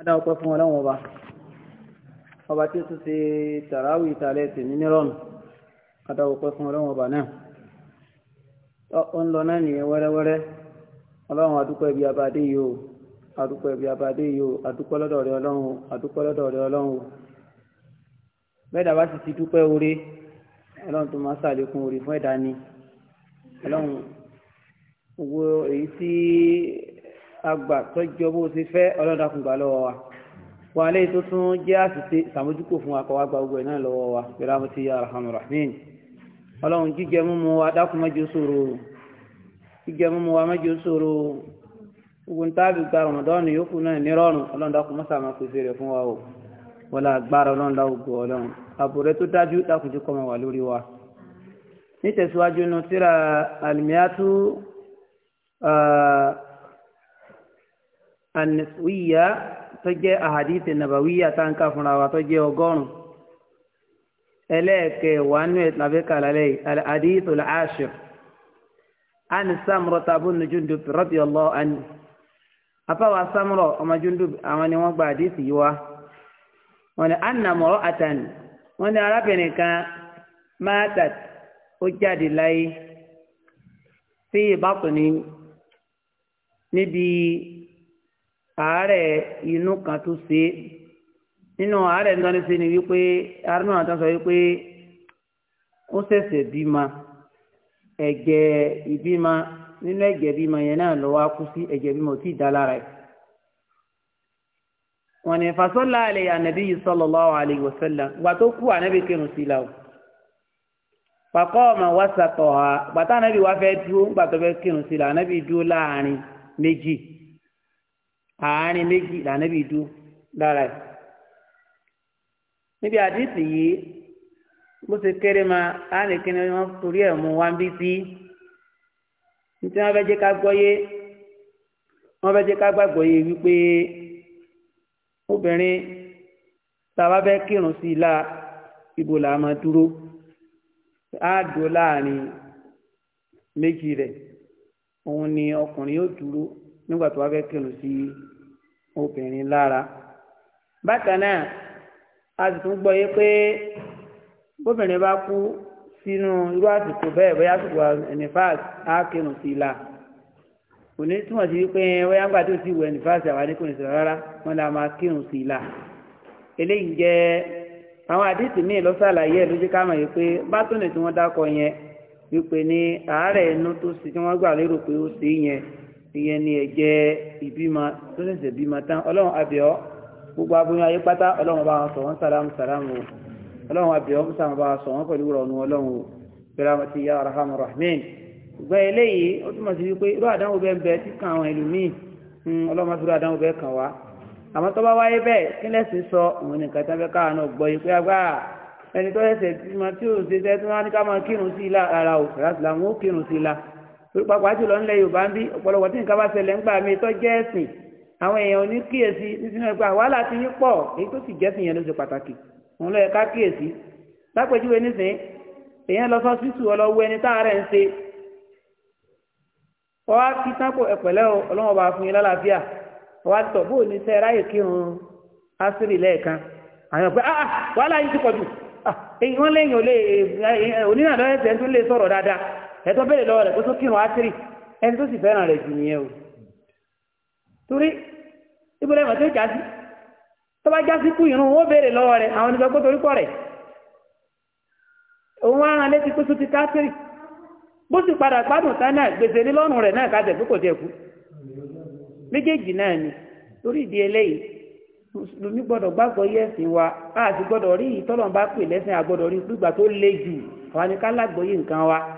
adáwọ̀pẹ́ fún ọlọ́wọ̀n ọba ọba tí ó tún ṣe tàràwì ìtàlẹ̀ tì ní nírọ̀nù adáwọ̀pẹ́ fún ọlọ́wọ̀n ọba náà ó ń lọ náà nìyẹn wẹ́rẹ́wẹ́rẹ́ ọlọ́run adúpẹ́ ibi abadé yìí o adúpẹ́ ibi abadé yìí o adúpẹ́ lọ́dọ̀ rẹ ọlọ́run o adúpẹ́ lọ́dọ̀ rẹ ọlọ́run o bẹ́ẹ̀ dàbá sì ti dúpẹ́ oore ọlọ́run tó máa ṣàlékún oore fún ẹ̀dá ni ọlọ́run owó èyí tí agbà tọ́jú ọbọ̀ ti fẹ́ ọlọ́dàkùngbà lọ́wọ́ wa wà lè tó tún jẹ́ àṣìṣe sàmójúkò fún akọwà gba ogun náà lọ́wọ́ wa pẹ̀lú àwọn ti yà rahmanu rahmin ọlọ́run jíjẹ múmu wa dákun mẹ́jọ sòrò jíjẹ múmu wa mẹ́jọ sòrò ogun táàbì gba ramadan yòókù náà nírọ̀rùn ọlọ́run dákun mọ́sà máa pèsè rẹ̀ fún wa o wọ́n la gbára ọlọ́run aniswiya tó jẹ́ ahadith nabawiya tá n ká fúnra wa tó jẹ́ ọgọ́rùn-ún ẹlẹ́ẹ̀kẹwàá nú ẹ̀ tàbí kàlálẹ́ alhadith al-ashir ani samuro tabu nu jundub radiyallahu anhu afáwa samuro ọmọ jundub àwọn ni wọ́n gba hadith yìí wá wọ́n ní anna mọ̀rọ̀ àtàn wọ́n ní arábìnrin kan mátat ó jáde láyé sí ìbátan ní níbi. àárẹ̀ inú kan tó ṣe nínú àárẹ̀ ń dánilẹ́sẹ̀ ni wípé arúgbó àwọn àtàwọn sọ wípé ó ṣẹ̀ṣẹ̀ bímọ ẹ̀jẹ̀ ìbímọ nínú ẹ̀jẹ̀ bímọ yẹn náà lọ́wọ́ sí ẹ̀jẹ̀ bímọ tí ì dá lára ẹ̀ wọn ni fasola ale anabi sallallahu alayhi wa sallam gba tó kú anabi kírun sí la o fakọ ọmọ wasa ha wa fẹ́ dúró fẹ́ kírun sí dúró láàrin méjì àárín méjì lànàbí dú lára ẹ̀ níbi àdìsí yìí bó ṣe kéré ma á lè kí ni wọ́n torí ẹ̀ mú wọn bí sí nítorí wọ́n fẹ́ jẹ́ ká gbọ́yé wọ́n fẹ́ jẹ́ ká gbàgbọ́ yé wípé obìnrin tàbá fẹ́ kírun sí i la ibo là máa dúró á dúró láàrin méjì rẹ̀ òun ni ọkùnrin yóò dúró nígbà tó wá fẹ́ kírun sí obìnrin lára bákan náà a sì tún gbọ́ yé pé bóbìnrin bá kú sínú irú àsìkò bẹ́ẹ̀ bóyá àsìkò ẹnìfàs á kírun sí i la kò ní túmọ̀ sí wípé bóyá ńgbà tó ti wọ ẹnìfàs àwọn adékùnrin sọ̀rọ̀ rárá wọn là máa kírun sí i la eléyìí jẹ́ àwọn àdìsí míì ló ṣàlàyé ẹ̀ ló jẹ́ ká mọ̀ yìí pé bátúnì tí wọ́n dákọ yẹn wípé ní àárẹ̀ inú tó sì tí wọ́n gbà lérò pé ó sì yẹn ìyẹn ni ẹ̀jẹ̀ ìbímọ tó ṣẹ̀ṣẹ̀ bímọ tán ọlọ́run abẹ́ọ́ gbogbo aboyún ayé pátá ọlọ́run bá wọn sọ wọn sàlámù sàlámù o ọlọ́run abẹ́ọ́ sàmù bá wọn sọ wọn pẹ̀lú rọ̀nù ọlọ́run o bẹ̀rẹ̀ àti ìyá arahamu rahman gbẹ́ eléyìí ó túmọ̀ sí wípé irú àdánwò bẹ́ẹ̀ bẹ́ẹ̀ tí kan àwọn ẹlòmíì hmm, ọlọ́run máa fi irú àdánwò bẹ́ẹ̀ kàn wá àmọ́ tó bá wáyé bẹ́ẹ̀ kí lẹ́sìn sọ òun nìkan tán fẹ́ káwọn náà gbọ́ yìí pé agbá ẹni tó ṣẹ̀ṣẹ̀ bímọ tí ò ṣe tẹ́ tí wọ́n á ní ká máa kírun sí i lára o rásìlá wọn ó kírun sí i lára pàápàá jùlọ ńlẹ̀ yorùbá ń bí ọ̀pọ̀lọpọ̀ tí nǹkan bá ṣẹlẹ̀ ń gbà mí tó jẹ́ ẹ̀sìn àwọn èèyàn ní kíyèsí nítorí wọn gba wàhálà ti yín pọ̀ èyí tó sì jẹ́sìn yẹn ló ṣe pàtàkì òun ló yẹ ká kíyèsí lápèjúwe nísìnyí èèyàn lọ sọ sísù ọlọ́wọ́ ẹni tá a rẹ̀ ń ṣe ọwá kí tákò ẹ̀pẹ̀lẹ́ ọlọ́wọ́ bá fún yín lálàáfíà ọwá tọ̀ bóò ní sẹ́ ráyè kírun ásírì lẹ́ẹ̀kan àwọn pé ah, ah wàhálà yín ti pọ̀ jù ah wọ́n léyìn eh, eh, onínàdọ́yẹsẹ̀ tó lè sọ̀rọ̀ dáadáa ẹ̀tọ́ bẹ̀rẹ̀ lọ́wọ́ rẹ̀ kó atri kírun átírì ẹni tó sì fẹ́ràn rẹ̀ jù o torí ibùdó ẹ̀mọ̀ tó já sí tó bá já irun o bẹ̀rẹ̀ lọ́wọ́ rẹ̀ àwọn onígbà kó torí pọ̀ rẹ̀ òun á hàn létí kó tó ti padà gbádùn tá náà gbèsè wa a sì gbọdọ rí ìtọ́lọ́mbá pè lẹ́sìn àgbọ́dọ̀ rí gbígbà tó le jù àwọn ni ká nǹkan wa.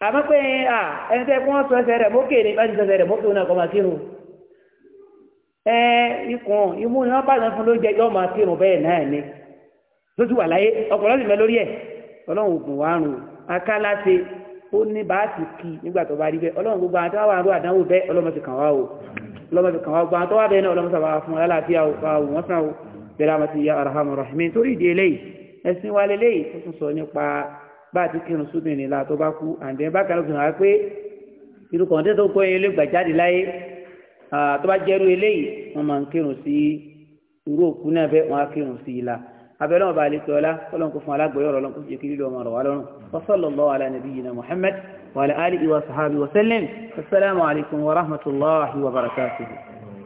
a pé à ẹni tẹ́ kí wọ́n sọ ẹsẹ̀ rẹ̀ mókè ní bájú ẹsẹ̀ rẹ̀ mókè náà kọ́ máa kírun ẹ ikùn imú ni wọ́n bá lọ fún ló jẹ n'i ni wa rùn akálá ṣe ó ní bá ti kí nígbà bá a ti kírun ni la tó bá kú àǹdẹ̀ bá kàlọ́ fi hàn á pé irú kọ̀ǹtẹ́ tó kọ́ yẹn ló gbà jáde láyé tó bá jẹ́rú eléyìí wọ́n máa ń kírun sí irú òkú náà bẹ́ẹ̀ wọ́n á kírun sí i la abẹ́rẹ́ wọn bá a lè tọ́ la kọ́lọ́n kó fún alágbèyọ́ ọ̀rọ̀ lọ́nkó jẹ́ kí lílo ọmọ rọ̀ wá lọ́rùn wa sallallahu ala nabiyyina Muhammad wa ala alihi wa wa sallam assalamu wa rahmatullahi wa barakatuhu.